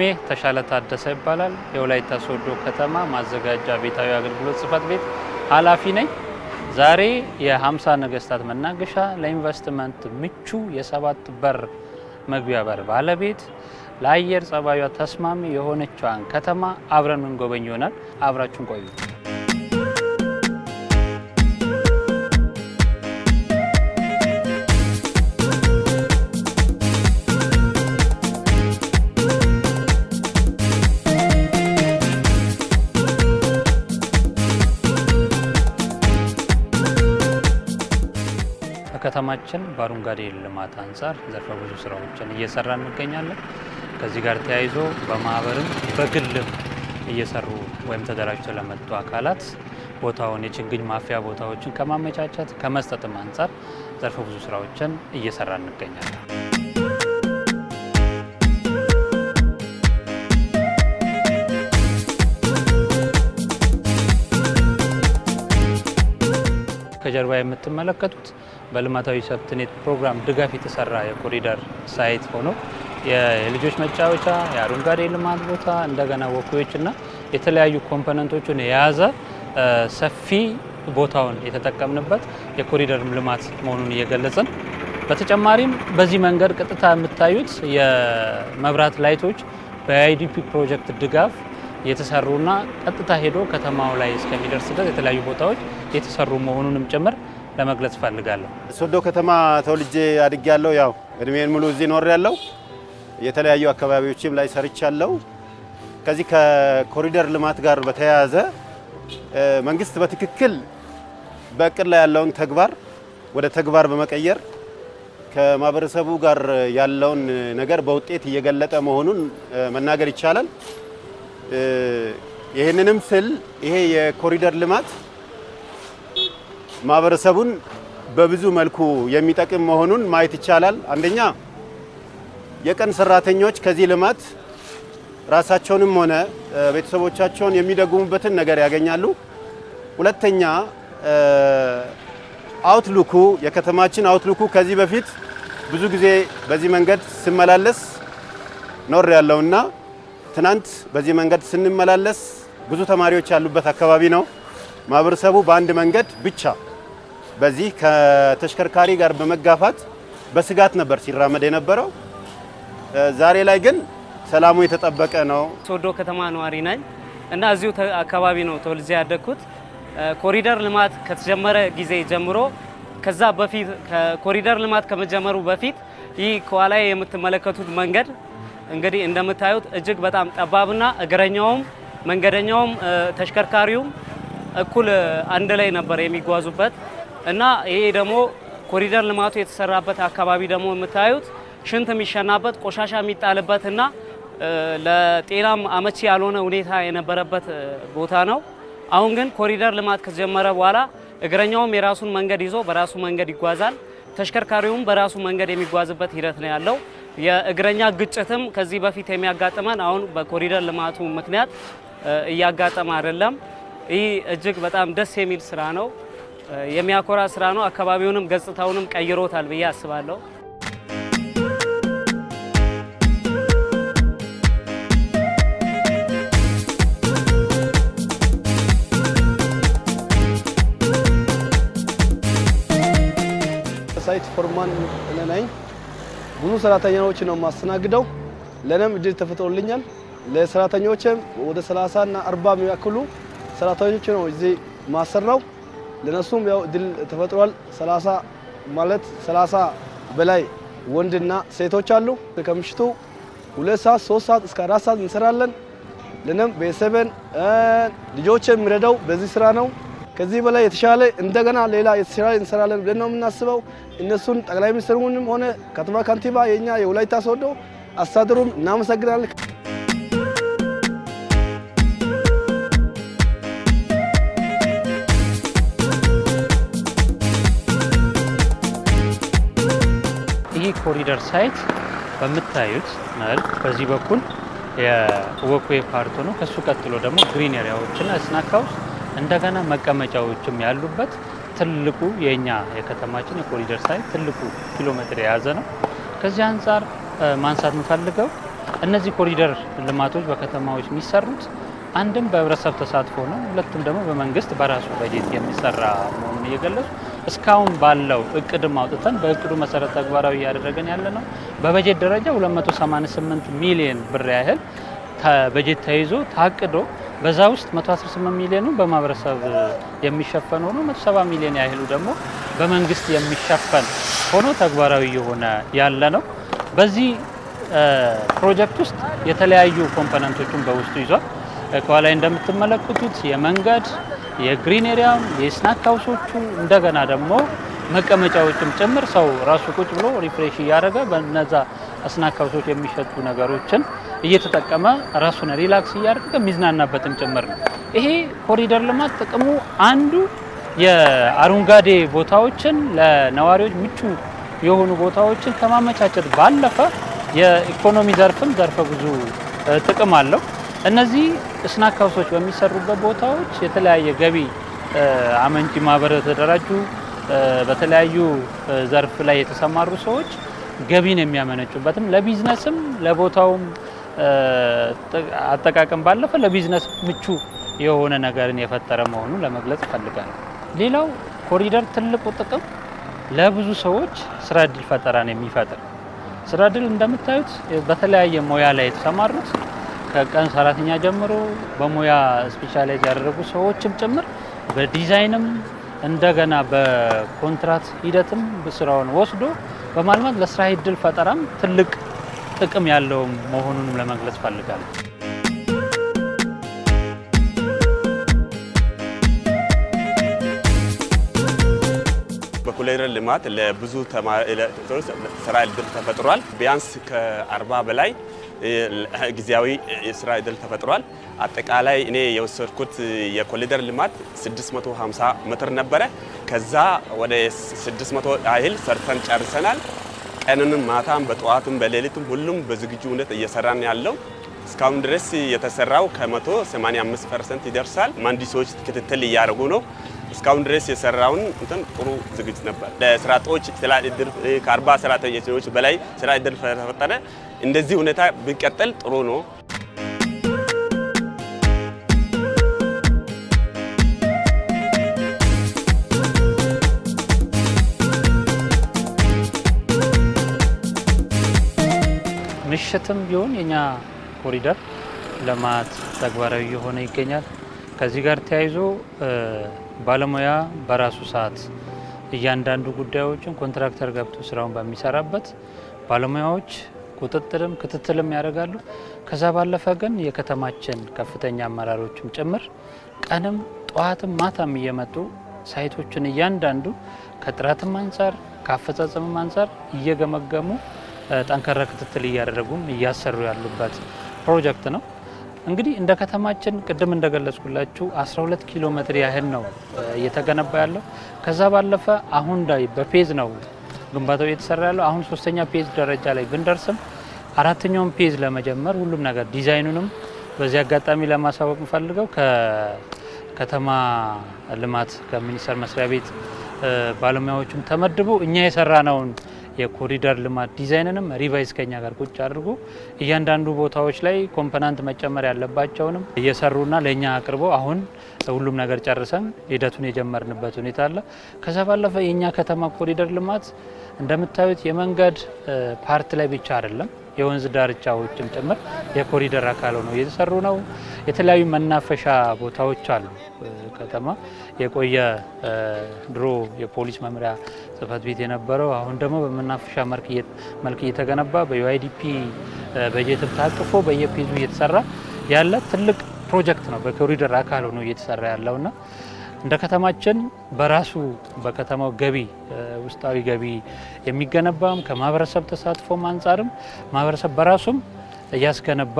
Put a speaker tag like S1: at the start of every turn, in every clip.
S1: ስሜ ተሻለ ታደሰ ይባላል። የወላይታ ሶዶ ከተማ ማዘጋጃ ቤታዊ አገልግሎት ጽህፈት ቤት ኃላፊ ነኝ። ዛሬ የሀምሳ ነገስታት መናገሻ ለኢንቨስትመንት ምቹ የሰባት በር መግቢያ በር ባለቤት ለአየር ጸባዩ ተስማሚ የሆነችዋን ከተማ አብረን ምንጎበኝ ይሆናል። አብራችሁን ቆዩ። ከተማችን በአረንጓዴ ልማት አንጻር ዘርፈ ብዙ ስራዎችን እየሰራ እንገኛለን። ከዚህ ጋር ተያይዞ በማህበርም በግልም እየሰሩ ወይም ተደራጅተው ለመጡ አካላት ቦታውን የችግኝ ማፍያ ቦታዎችን ከማመቻቸት ከመስጠትም አንጻር ዘርፈ ብዙ ስራዎችን እየሰራ እንገኛለን። ከጀርባ የምትመለከቱት በልማታዊ ሰብትኔት ፕሮግራም ድጋፍ የተሰራ የኮሪደር ሳይት ሆኖ የልጆች መጫወቻ፣ የአረንጓዴ ልማት ቦታ እንደገና ወኩዮችና የተለያዩ ኮምፖነንቶችን የያዘ ሰፊ ቦታውን የተጠቀምንበት የኮሪደር ልማት መሆኑን እየገለጽን በተጨማሪም በዚህ መንገድ ቀጥታ የምታዩት የመብራት ላይቶች በአይዲፒ ፕሮጀክት ድጋፍ የተሰሩና ቀጥታ ሄዶ ከተማው ላይ እስከሚደርስ ድረስ የተለያዩ ቦታዎች የተሰሩ መሆኑንም ጭምር ለመግለጽ እፈልጋለሁ።
S2: ሶዶ ከተማ ተወልጄ አድጌ ያለው ያው እድሜን ሙሉ እዚህ ኖር ያለው የተለያዩ አካባቢዎችም ላይ ያለው ከዚህ ከኮሪደር ልማት ጋር በተያያዘ መንግስት በትክክል በእቅድ ላይ ያለውን ተግባር ወደ ተግባር በመቀየር ከማህበረሰቡ ጋር ያለውን ነገር በውጤት እየገለጠ መሆኑን መናገር ይቻላል። ይህንንም ስል ይሄ የኮሪደር ልማት ማህበረሰቡን በብዙ መልኩ የሚጠቅም መሆኑን ማየት ይቻላል። አንደኛ የቀን ሰራተኞች ከዚህ ልማት ራሳቸውንም ሆነ ቤተሰቦቻቸውን የሚደጉሙበትን ነገር ያገኛሉ። ሁለተኛ አውትሉኩ የከተማችን አውትሉኩ ከዚህ በፊት ብዙ ጊዜ በዚህ መንገድ ስመላለስ ኖር ያለውና ትናንት በዚህ መንገድ ስንመላለስ ብዙ ተማሪዎች ያሉበት አካባቢ ነው። ማህበረሰቡ በአንድ መንገድ ብቻ በዚህ ከተሽከርካሪ ጋር በመጋፋት በስጋት ነበር ሲራመድ የነበረው። ዛሬ ላይ ግን ሰላሙ የተጠበቀ ነው።
S1: ሶዶ ከተማ ነዋሪ ነኝ እና እዚሁ አካባቢ ነው ተወልጄ ያደግኩት። ኮሪደር ልማት ከተጀመረ ጊዜ ጀምሮ ከዛ በፊት ኮሪደር ልማት ከመጀመሩ በፊት ይህ ከኋላ የምትመለከቱት መንገድ እንግዲህ እንደምታዩት እጅግ በጣም ጠባብና እግረኛውም መንገደኛውም ተሽከርካሪውም እኩል አንድ ላይ ነበር የሚጓዙበት እና ይሄ ደግሞ ኮሪደር ልማቱ የተሰራበት አካባቢ ደግሞ የምታዩት ሽንት የሚሸናበት ቆሻሻ የሚጣልበት እና ለጤናም አመቺ ያልሆነ ሁኔታ የነበረበት ቦታ ነው። አሁን ግን ኮሪደር ልማት ከጀመረ በኋላ እግረኛውም የራሱን መንገድ ይዞ በራሱ መንገድ ይጓዛል። ተሽከርካሪውም በራሱ መንገድ የሚጓዝበት ሂደት ነው ያለው። የእግረኛ ግጭትም ከዚህ በፊት የሚያጋጥመን አሁን በኮሪደር ልማቱ ምክንያት እያጋጠመ አይደለም። ይህ እጅግ በጣም ደስ የሚል ስራ ነው፣ የሚያኮራ ስራ ነው። አካባቢውንም ገጽታውንም ቀይሮታል ብዬ አስባለሁ።
S3: ሳይት ፎርማን ነኝ ብዙ ሰራተኛዎች ነው የማስተናግደው። ለእኔም እድል ተፈጥሮልኛል። ለሰራተኞችም ወደ 30 እና 40 የሚያክሉ ሰራተኞች ነው እዚህ ማሰራው። ለነሱም ያው እድል ተፈጥሯል። 30 ማለት 30 በላይ ወንድና ሴቶች አሉ። ከምሽቱ ሁለት ሰዓት ሶስት ሰዓት እስከ አራት ሰዓት እንሰራለን። ለእኔም ቤተሰብን ልጆች የሚረዳው በዚህ ስራ ነው። ከዚህ በላይ የተሻለ እንደገና ሌላ ስራ እንሰራለን ብለን ነው የምናስበው። እነሱን ጠቅላይ ሚኒስትሩንም ሆነ ከተማ ከንቲባ የኛ የወላይታ ሶዶ አስተዳደሩን እናመሰግናለን።
S1: ይህ ኮሪደር ሳይት በምታዩት መልክ በዚህ በኩል የወክዌ ፓርቱ ነው። ከሱ ቀጥሎ ደግሞ ግሪን ኤሪያዎችና ስናካውስ እንደገና መቀመጫዎችም ያሉበት ትልቁ የእኛ የከተማችን የኮሪደር ሳይ ትልቁ ኪሎ ሜትር የያዘ ነው። ከዚህ አንጻር ማንሳት የምፈልገው እነዚህ ኮሪደር ልማቶች በከተማዎች የሚሰሩት አንድም በህብረተሰብ ተሳትፎ ነው፣ ሁለቱም ደግሞ በመንግስት በራሱ በጀት የሚሰራ መሆኑን እየገለጹ እስካሁን ባለው እቅድም አውጥተን በእቅዱ መሰረት ተግባራዊ እያደረገን ያለ ነው። በበጀት ደረጃ 288 ሚሊዮን ብር ያህል በጀት ተይዞ ታቅዶ በዛ ውስጥ 118 ሚሊዮኑ በማህበረሰብ የሚሸፈን ሆኖ 170 ሚሊዮን ያህሉ ደግሞ በመንግስት የሚሸፈን ሆኖ ተግባራዊ የሆነ ያለ ነው። በዚህ ፕሮጀክት ውስጥ የተለያዩ ኮምፖነንቶችን በውስጡ ይዟል። ከኋላይ እንደምትመለከቱት የመንገድ የግሪን ኤሪያ የስናክ ሀውሶቹ እንደገና ደግሞ መቀመጫዎችም ጭምር ሰው ራሱ ቁጭ ብሎ ሪፍሬሽ እያደረገ በነዛ ስናክ ሀውሶች የሚሸጡ ነገሮችን እየተጠቀመ ራሱን ሪላክስ እያደረገ የሚዝናናበትም ጭምር ነው። ይሄ ኮሪደር ልማት ጥቅሙ አንዱ የአረንጓዴ ቦታዎችን ለነዋሪዎች ምቹ የሆኑ ቦታዎችን ከማመቻቸት ባለፈ የኢኮኖሚ ዘርፍም ዘርፈ ብዙ ጥቅም አለው። እነዚህ ስናክ ሀውሶች በሚሰሩበት ቦታዎች የተለያየ ገቢ አመንጪ ማህበራት የተደራጁ በተለያዩ ዘርፍ ላይ የተሰማሩ ሰዎች ገቢን የሚያመነጩበትም ለቢዝነስም ለቦታውም አጠቃቀም ባለፈ ለቢዝነስ ምቹ የሆነ ነገርን የፈጠረ መሆኑን ለመግለጽ እፈልጋለሁ። ሌላው ኮሪደር ትልቁ ጥቅም ለብዙ ሰዎች ስራ እድል ፈጠራን የሚፈጥር ስራ እድል እንደምታዩት በተለያየ ሙያ ላይ የተሰማሩት ከቀን ሰራተኛ ጀምሮ በሙያ ስፔሻላይዝ ያደረጉ ሰዎችም ጭምር በዲዛይንም እንደገና በኮንትራት ሂደትም ስራውን ወስዶ በማልማት ለስራ እድል ፈጠራም ትልቅ ጥቅም ያለው መሆኑንም ለመግለጽ ፈልጋለሁ።
S2: በኮሪደር ልማት ለብዙ ስራ እድል ተፈጥሯል። ቢያንስ ከአርባ በላይ ጊዜያዊ የስራ እድል ተፈጥሯል። አጠቃላይ እኔ የወሰድኩት የኮሊደር ልማት 650 ሜትር ነበረ። ከዛ ወደ 600 ያህል ሰርተን ጨርሰናል። ቀንንም ማታም በጠዋቱም በሌሊትም ሁሉም በዝግጁ ሁኔታ እየሰራን ያለው እስካሁን ድረስ የተሰራው ከ185 ፐርሰንት ይደርሳል። መሀንዲሶች ክትትል እያደረጉ ነው። እስካሁን ድረስ የሰራውን እንትን ጥሩ ዝግጅት ነበር። ለስራጦች ከ40 ሰራተኞች በላይ ስራ እድል ተፈጠረ። እንደዚህ ሁኔታ ቢቀጥል ጥሩ ነው።
S1: ምሽትም ቢሆን የኛ ኮሪደር ልማት ተግባራዊ የሆነ ይገኛል። ከዚህ ጋር ተያይዞ ባለሙያ በራሱ ሰዓት እያንዳንዱ ጉዳዮችን ኮንትራክተር ገብቶ ስራውን በሚሰራበት ባለሙያዎች ቁጥጥርም ክትትልም ያደርጋሉ። ከዛ ባለፈ ግን የከተማችን ከፍተኛ አመራሮችም ጭምር ቀንም ጠዋትም ማታም እየመጡ ሳይቶችን እያንዳንዱ ከጥራትም አንጻር ከአፈጻጸምም አንጻር እየገመገሙ ጠንከረ ክትትል እያደረጉም እያሰሩ ያሉበት ፕሮጀክት ነው። እንግዲህ እንደ ከተማችን ቅድም እንደገለጽኩላችሁ 12 ኪሎ ሜትር ያህል ነው እየተገነባ ያለው። ከዛ ባለፈ አሁን ላይ በፔዝ ነው ግንባታው እየተሰራ ያለው። አሁን ሶስተኛ ፔዝ ደረጃ ላይ ብንደርስም አራተኛውን ፔዝ ለመጀመር ሁሉም ነገር ዲዛይኑንም በዚህ አጋጣሚ ለማሳወቅ የምፈልገው ከከተማ ልማት ከሚኒስቴር መስሪያ ቤት ባለሙያዎችም ተመድቦ እኛ የሰራ ነውን የኮሪደር ልማት ዲዛይንንም ሪቫይዝ ከኛ ጋር ቁጭ አድርጎ እያንዳንዱ ቦታዎች ላይ ኮምፖናንት መጨመር ያለባቸውንም እየሰሩና ለእኛ አቅርቦ አሁን ሁሉም ነገር ጨርሰን ሂደቱን የጀመርንበት ሁኔታ አለ። ከዛ ባለፈ የእኛ ከተማ ኮሪደር ልማት እንደምታዩት የመንገድ ፓርት ላይ ብቻ አይደለም የወንዝ ዳርቻዎችም ጭምር የኮሪደር አካል ሆነው እየተሰሩ ነው። የተለያዩ መናፈሻ ቦታዎች አሉ። ከተማ የቆየ ድሮ የፖሊስ መምሪያ ጽህፈት ቤት የነበረው አሁን ደግሞ በመናፈሻ መልክ እየተገነባ በዩአይዲፒ በጀትም ታቅፎ በየፔዙ እየተሰራ ያለ ትልቅ ፕሮጀክት ነው። በኮሪደር አካል ሆኖ እየተሰራ ያለውና እንደ ከተማችን በራሱ በከተማው ገቢ ውስጣዊ ገቢ የሚገነባም ከማህበረሰብ ተሳትፎም አንጻርም ማህበረሰብ በራሱም እያስገነባ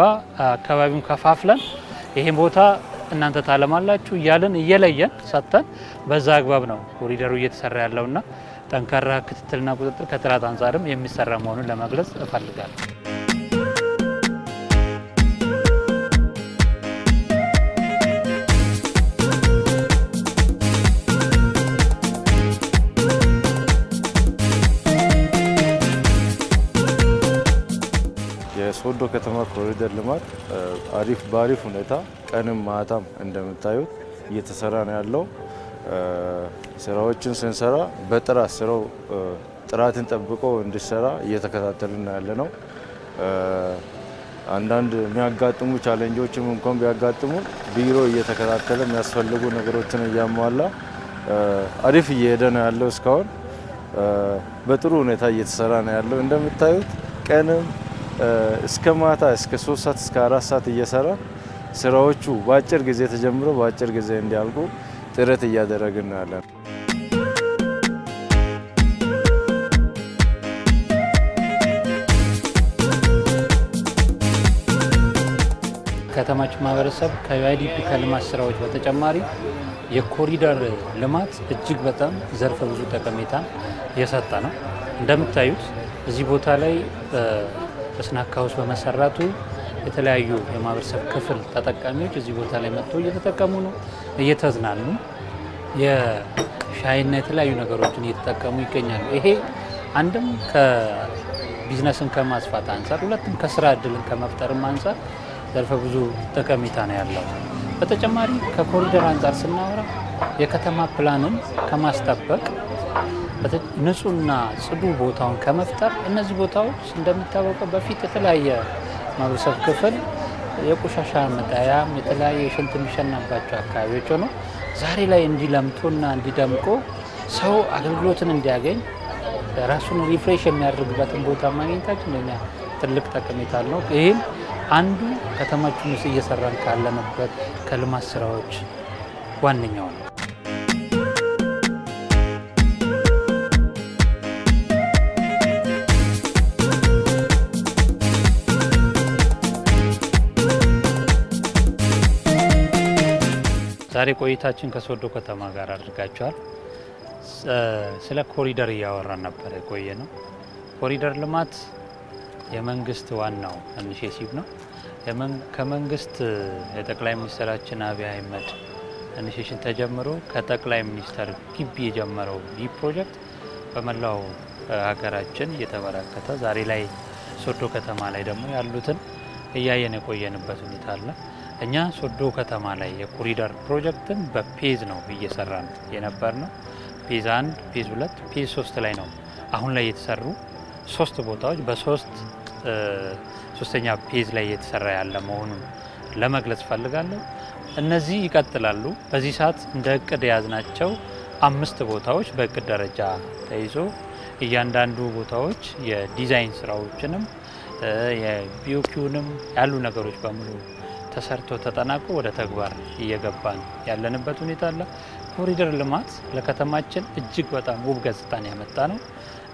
S1: አካባቢውን ከፋፍለን ይሄን ቦታ እናንተ ታለማላችሁ እያልን እየለየን ሰጥተን በዛ አግባብ ነው ኮሪደሩ እየተሰራ ያለውና ጠንካራ ክትትልና ቁጥጥር ከጥራት አንጻርም የሚሰራ መሆኑን ለመግለጽ እፈልጋለሁ።
S2: የሶዶ ከተማ ኮሪደር ልማት አሪፍ በአሪፍ ሁኔታ ቀንም ማታም እንደምታዩት እየተሰራ ነው ያለው። ስራዎችን ስንሰራ በጥራት ስራው ጥራትን ጠብቆ እንዲሰራ እየተከታተልን ያለ ነው። አንዳንድ የሚያጋጥሙ ቻሌንጆችም እንኳን ቢያጋጥሙ ቢሮ እየተከታተለ የሚያስፈልጉ ነገሮችን እያሟላ አሪፍ እየሄደ ነው ያለው። እስካሁን በጥሩ ሁኔታ እየተሰራ ነው ያለው እንደምታዩት ቀንም እስከ ማታ እስከ ሶስት ሰዓት እስከ አራት ሰዓት እየሰራ ስራዎቹ በአጭር ጊዜ ተጀምሮ በአጭር ጊዜ እንዲያልቁ ጥረት እያደረግን ያለን
S1: ከተማችን ማህበረሰብ ከዩአይዲፒ ከልማት ስራዎች በተጨማሪ የኮሪደር ልማት እጅግ በጣም ዘርፈ ብዙ ጠቀሜታ የሰጠ ነው። እንደምታዩት እዚህ ቦታ ላይ በስናካ ውስጥ በመሰራቱ የተለያዩ የማህበረሰብ ክፍል ተጠቃሚዎች እዚህ ቦታ ላይ መጥቶ እየተጠቀሙ ነው፣ እየተዝናኑ የሻይና የተለያዩ ነገሮችን እየተጠቀሙ ይገኛሉ። ይሄ አንድም ከቢዝነስን ከማስፋት አንጻር፣ ሁለትም ከስራ እድልን ከመፍጠርም አንጻር ዘርፈ ብዙ ጠቀሜታ ነው ያለው። በተጨማሪ ከኮሪደር አንጻር ስናወራ የከተማ ፕላንን ከማስጠበቅ ንጹህና ጽዱ ቦታውን ከመፍጠር እነዚህ ቦታዎች እንደሚታወቀው በፊት የተለያየ ማህበረሰብ ክፍል የቆሻሻ መጣያም የተለያየ ሽንት የሚሸናባቸው አካባቢዎች ሆኖ ዛሬ ላይ እንዲለምቶና እንዲደምቆ ሰው አገልግሎትን እንዲያገኝ ራሱን ሪፍሬሽ የሚያደርግበትን ቦታ ማግኘታችን ለኛ ትልቅ ጠቀሜታ አለው። ይህም አንዱ ከተማችን ውስጥ እየሰራን ካለንበት ከልማት ስራዎች ዋነኛው ነው። ዛሬ ቆይታችን ከሶዶ ከተማ ጋር አድርጋችኋል። ስለ ኮሪደር እያወራን ነበር የቆየ ነው። ኮሪደር ልማት የመንግስት ዋናው ኢኒሼቲቭ ነው። ከመንግስት የጠቅላይ ሚኒስትራችን አብይ አህመድ ኢኒሼሽን ተጀምሮ ከጠቅላይ ሚኒስተር ግቢ የጀመረው ይህ ፕሮጀክት በመላው ሀገራችን እየተበራከተ ዛሬ ላይ ሶዶ ከተማ ላይ ደግሞ ያሉትን እያየን የቆየንበት ሁኔታ አለ። እኛ ሶዶ ከተማ ላይ የኮሪደር ፕሮጀክትን በፔዝ ነው እየሰራ የነበር ነው። ፔዝ አንድ፣ ፔዝ ሁለት፣ ፔዝ ሶስት ላይ ነው አሁን ላይ የተሰሩ ሶስት ቦታዎች በሶስት ሶስተኛ ፔዝ ላይ እየተሰራ ያለ መሆኑን ለመግለጽ ፈልጋለሁ። እነዚህ ይቀጥላሉ። በዚህ ሰዓት እንደ እቅድ የያዝናቸው አምስት ቦታዎች በእቅድ ደረጃ ተይዞ እያንዳንዱ ቦታዎች የዲዛይን ስራዎችንም የቢኦኪውንም ያሉ ነገሮች በሙሉ ተሰርቶ ተጠናቆ ወደ ተግባር ነው ያለንበት ሁኔታ አለ። ኮሪደር ልማት ለከተማችን እጅግ በጣም ውብ ገጽታን ያመጣ ነው።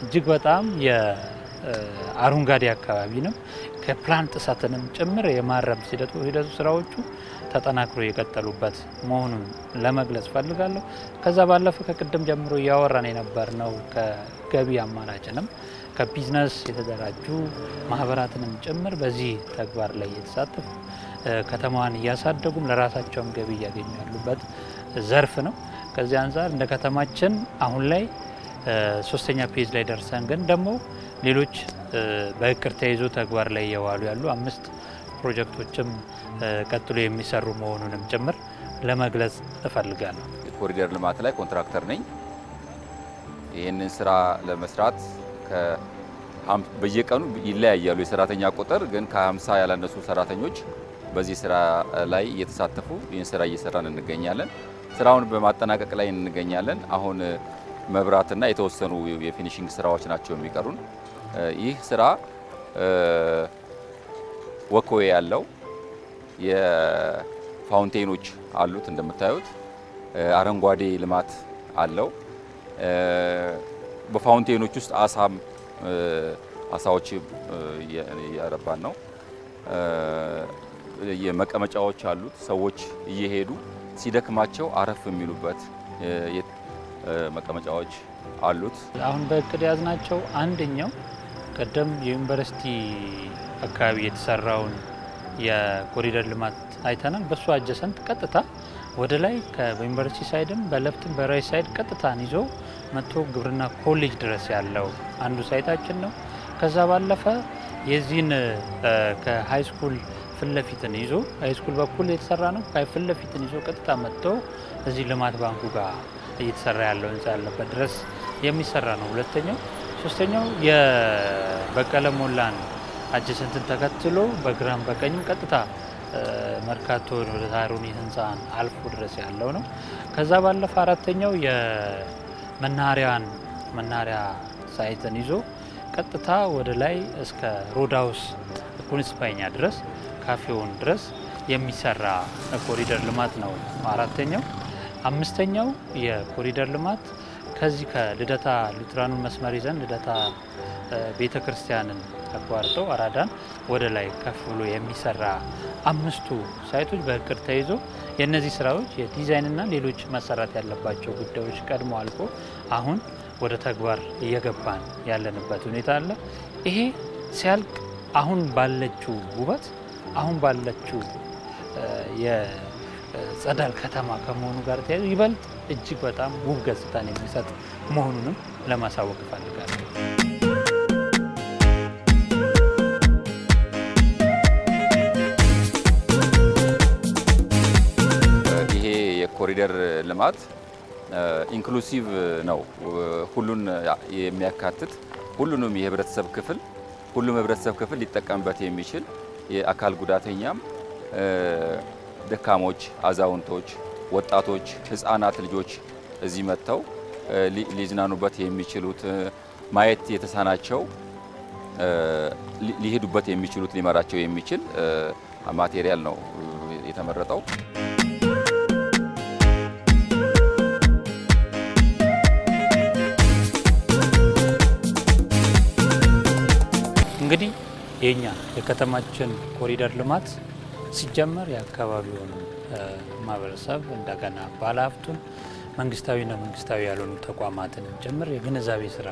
S1: እጅግ በጣም የአረንጓዴ አካባቢንም ከፕላን ጥሰትንም ጭምር የማረም ሂደቱ ስራዎቹ ተጠናክሮ የቀጠሉበት መሆኑን ለመግለጽ ፈልጋለሁ። ከዛ ባለፈ ከቅድም ጀምሮ እያወራን የነበርነው ከገቢ አማራጭንም ከቢዝነስ የተደራጁ ማህበራትንም ጭምር በዚህ ተግባር ላይ የተሳተፉ ከተማዋን እያሳደጉም ለራሳቸውም ገቢ እያገኙ ያሉበት ዘርፍ ነው። ከዚህ አንጻር እንደ ከተማችን አሁን ላይ ሶስተኛ ፔጅ ላይ ደርሰን ግን ደግሞ ሌሎች በእቅድ ተይዞ ተግባር ላይ እየዋሉ ያሉ አምስት ፕሮጀክቶችም ቀጥሎ የሚሰሩ መሆኑንም ጭምር ለመግለጽ እፈልጋለሁ።
S4: የኮሪደር ልማት ላይ ኮንትራክተር ነኝ። ይህንን ስራ ለመስራት በየቀኑ ይለያያሉ የሰራተኛ ቁጥር ግን ከ50 ያላነሱ ሰራተኞች በዚህ ስራ ላይ እየተሳተፉ ይህን ስራ እየሰራን እንገኛለን። ስራውን በማጠናቀቅ ላይ እንገኛለን። አሁን መብራትና የተወሰኑ የፊኒሽንግ ስራዎች ናቸው የሚቀሩን። ይህ ስራ ወኮዌ ያለው የፋውንቴኖች አሉት እንደምታዩት፣ አረንጓዴ ልማት አለው። በፋውንቴኖች ውስጥ አሳም አሳዎች እያረባን ነው። የመቀመጫዎች አሉት። ሰዎች እየሄዱ ሲደክማቸው አረፍ የሚሉበት መቀመጫዎች አሉት።
S1: አሁን በእቅድ ያዝናቸው አንደኛው ቀደም የዩኒቨርሲቲ አካባቢ የተሰራውን የኮሪደር ልማት አይተናል። በእሱ አጀሰንት ቀጥታ ወደ ላይ በዩኒቨርሲቲ ሳይድም በለፍትም በራይ ሳይድ ቀጥታን ይዞ መቶ ግብርና ኮሌጅ ድረስ ያለው አንዱ ሳይታችን ነው። ከዛ ባለፈ የዚህን ከሃይ ስኩል ፍለፊትን ይዞ ሃይስኩል በኩል የተሰራ ነው። ፍለፊትን ይዞ ቀጥታ መጥቶ እዚህ ልማት ባንኩ ጋር እየተሰራ ያለው ህንፃ ያለበት ድረስ የሚሰራ ነው። ሁለተኛው ሶስተኛው የበቀለ ሞላን አጀሰንትን ተከትሎ በግራም በቀኝም ቀጥታ መርካቶ ወደ ታሩኒ ህንፃን አልፎ ድረስ ያለው ነው። ከዛ ባለፈ አራተኛው የመናሪያን መናሪያ ሳይትን ይዞ ቀጥታ ወደ ላይ እስከ ሮዳውስ ኩንስፓኛ ድረስ ካፌውን ድረስ የሚሰራ ኮሪደር ልማት ነው አራተኛው። አምስተኛው የኮሪደር ልማት ከዚህ ከልደታ ሉትራኑን መስመር ይዘን ልደታ ቤተ ክርስቲያንን ተቋርጠው አራዳን ወደ ላይ ከፍ ብሎ የሚሰራ አምስቱ ሳይቶች በእቅድ ተይዞ የእነዚህ ስራዎች የዲዛይንና ሌሎች መሰራት ያለባቸው ጉዳዮች ቀድሞ አልቆ አሁን ወደ ተግባር እየገባን ያለንበት ሁኔታ አለ። ይሄ ሲያልቅ አሁን ባለችው ውበት አሁን ባለችው የጸዳል ከተማ ከመሆኑ ጋር ተያይዞ ይበልጥ እጅግ በጣም ውብ ገጽታን የሚሰጥ መሆኑንም ለማሳወቅ እፈልጋለሁ።
S4: ይሄ የኮሪደር ልማት ኢንክሉሲቭ ነው፣ ሁሉን የሚያካትት ሁሉንም የህብረተሰብ ክፍል ሁሉም ህብረተሰብ ክፍል ሊጠቀምበት የሚችል የአካል ጉዳተኛም ደካሞች፣ አዛውንቶች፣ ወጣቶች፣ ህፃናት ልጆች እዚህ መጥተው ሊዝናኑበት የሚችሉት ማየት የተሳናቸው ሊሄዱበት የሚችሉት ሊመራቸው የሚችል ማቴሪያል ነው የተመረጠው።
S1: እንግዲህ የኛ የከተማችን ኮሪደር ልማት ሲጀመር የአካባቢውን ማህበረሰብ እንደገና ባለሀብቱን መንግስታዊና መንግስታዊ ያልሆኑ ተቋማትን ጭምር የግንዛቤ ስራ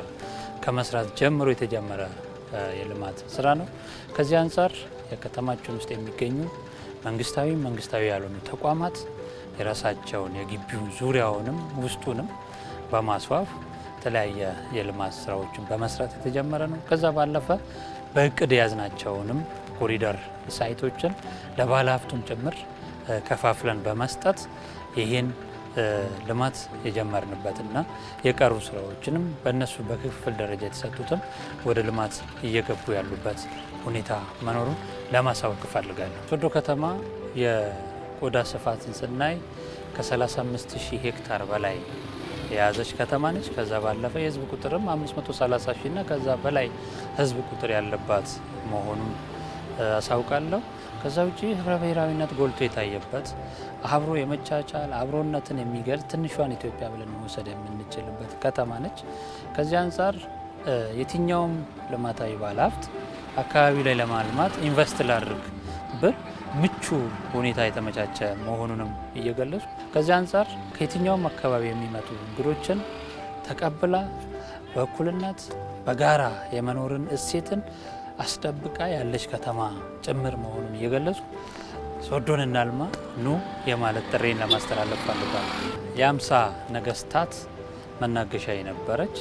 S1: ከመስራት ጀምሮ የተጀመረ የልማት ስራ ነው። ከዚህ አንጻር የከተማችን ውስጥ የሚገኙ መንግስታዊ መንግስታዊ ያልሆኑ ተቋማት የራሳቸውን የግቢውን ዙሪያውንም ውስጡንም በማስዋብ የተለያየ የልማት ስራዎችን በመስራት የተጀመረ ነው። ከዛ ባለፈ በእቅድ የያዝናቸውንም ኮሪደር ሳይቶችን ለባለሀብቱም ጭምር ከፋፍለን በመስጠት ይህን ልማት የጀመርንበትና የቀሩ ስራዎችንም በእነሱ በክፍል ደረጃ የተሰጡትም ወደ ልማት እየገቡ ያሉበት ሁኔታ መኖሩን ለማሳወቅ እፈልጋለሁ። ሶዶ ከተማ የቆዳ ስፋትን ስናይ ከ35 ሺህ ሄክታር በላይ የያዘች ከተማ ነች። ከዛ ባለፈ የህዝብ ቁጥርም 530 ሺና ከዛ በላይ ህዝብ ቁጥር ያለባት መሆኑን አሳውቃለሁ። ከዛ ውጭ ህብረ ብሔራዊነት ጎልቶ የታየበት አብሮ የመቻቻል አብሮነትን የሚገልጽ ትንሿን ኢትዮጵያ ብለን መውሰድ የምንችልበት ከተማ ነች። ከዚህ አንጻር የትኛውም ልማታዊ ባለሀብት አካባቢ ላይ ለማልማት ኢንቨስት ላድርግ ብር ምቹ ሁኔታ የተመቻቸ መሆኑንም እየገለጹ ከዚህ አንጻር ከየትኛውም አካባቢ የሚመጡ እንግዶችን ተቀብላ በእኩልነት በጋራ የመኖርን እሴትን አስጠብቃ ያለች ከተማ ጭምር መሆኑን እየገለጹ ሶዶን እናልማ ኑ የማለት ጥሬን ለማስተላለፍ ፈልጋል። የአምሳ ነገስታት መናገሻ የነበረች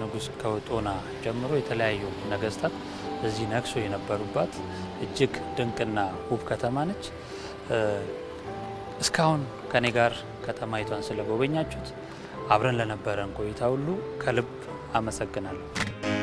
S1: ንጉስ ከውጦና ጀምሮ የተለያዩ ነገስታት እዚህ ነግሶ የነበሩባት እጅግ ድንቅና ውብ ከተማ ነች። እስካሁን ከኔ ጋር ከተማይቷን ስለጎበኛችሁት አብረን ለነበረን ቆይታ ሁሉ ከልብ አመሰግናለሁ።